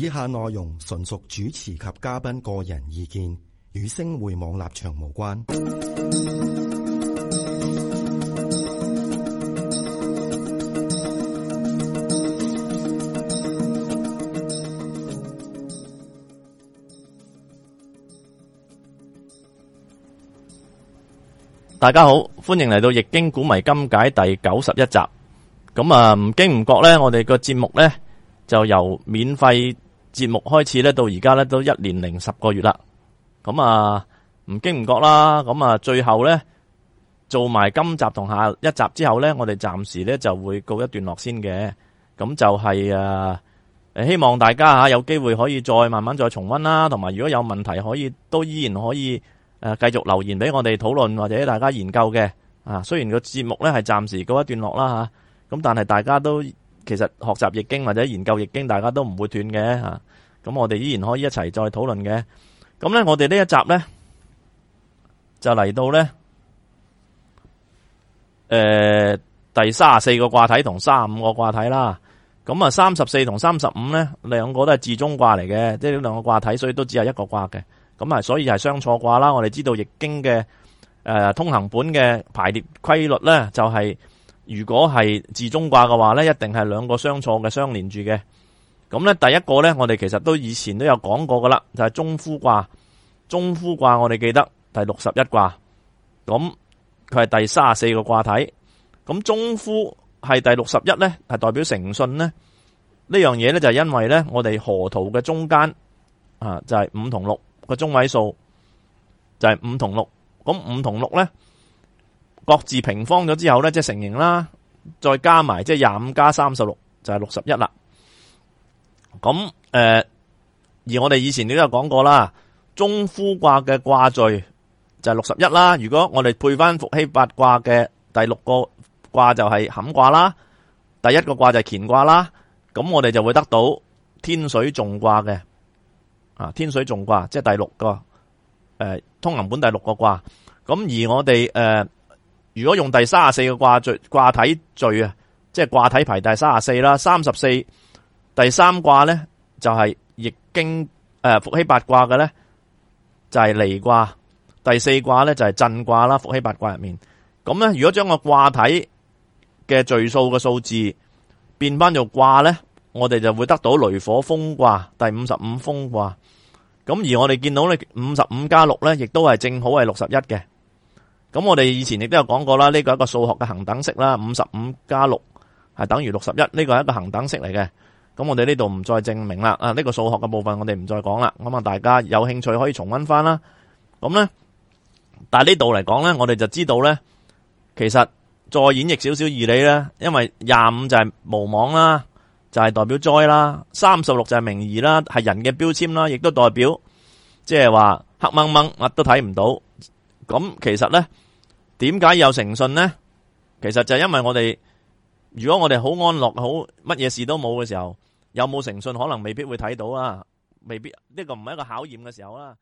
以下內容純屬主持及嘉賓個人意見，與星匯網立場無關。大家好，歡迎嚟到《易經古謎今解》第九十一集。咁、嗯、啊，唔經唔覺呢，我哋個節目呢，就由免費。節目開始咧，到而家咧都一年零十個月啦。咁啊，唔經唔覺啦。咁啊，最後呢，做埋今集同下一集之後呢，我哋暫時呢就會告一段落先嘅。咁就係誒、啊，希望大家吓、啊、有機會可以再慢慢再重溫啦，同埋如果有問題可以都依然可以誒、啊、繼續留言俾我哋討論或者大家研究嘅。啊，雖然個節目呢係暫時告一段落啦吓，咁、啊、但係大家都。其實學習易經或者研究易經，大家都唔會斷嘅吓。咁我哋依然可以一齊再討論嘅。咁咧，我哋呢一集咧就嚟到咧，誒、呃，第三十四個卦體同三十五個卦體啦。咁啊，三十四同三十五咧，兩個都係自綜卦嚟嘅，即係呢兩個卦體，所以都只係一個卦嘅。咁啊，所以係相錯卦啦。我哋知道易經嘅誒、呃、通行本嘅排列規律咧，就係、是。如果係自綜卦嘅話呢，一定係兩個相錯嘅相連住嘅。咁呢，第一個呢，我哋其實都以前都有講過噶啦，就係、是、中孚卦。中孚卦我哋記得第六十一卦，咁佢係第三十四個卦體。咁中孚係第六十一呢，係代表誠信咧。呢樣嘢呢，就係因為呢，我哋河圖嘅中間啊，就係、是、五同六個中位數，就係五同六。咁五同六呢。各自平方咗之後咧，即係成形啦。再加埋即係廿五加三十六，就係六十一啦。咁、呃、誒，而我哋以前都有講過啦，《中孚卦》嘅卦序就係六十一啦。如果我哋配翻伏羲八卦嘅第六個卦就係坎卦啦，第一個卦就係乾卦啦。咁我哋就會得到天水訟卦嘅啊，天水訟卦即係第六個誒、呃，通行本第六個卦。咁而我哋誒。呃如果用第三十四嘅卦序卦體序啊，即係卦體排第,第三十四啦，三十四第三卦咧就係、是、易經誒、呃、伏羲八卦嘅咧就係離卦，第四卦咧就係震卦啦，伏羲八卦入面。咁咧如果將個卦體嘅序數嘅數字變翻做卦咧，我哋就會得到雷火豐卦第五十五豐卦。咁而我哋見到咧五十五加六咧，亦都係正好係六十一嘅。咁我哋以前亦都有講過啦，呢、這個係一個數學嘅恒等式啦，五十五加六係等於六十一，呢個係一個恒等式嚟嘅。咁我哋呢度唔再證明啦，啊、這、呢個數學嘅部分我哋唔再講啦。咁啊，大家有興趣可以重溫翻啦。咁呢，但係呢度嚟講呢，我哋就知道呢，其實再演繹少少義理啦，因為廿五就係無妄啦，就係、是、代表災啦；三十六就係名義啦，係人嘅標籤啦，亦都代表即係話黑掹掹乜都睇唔到。咁其實咧，點解有誠信咧？其實就因為我哋，如果我哋好安樂、好乜嘢事都冇嘅時候，有冇誠信可能未必會睇到啊！未必呢、呢個唔係一個考驗嘅時候啦。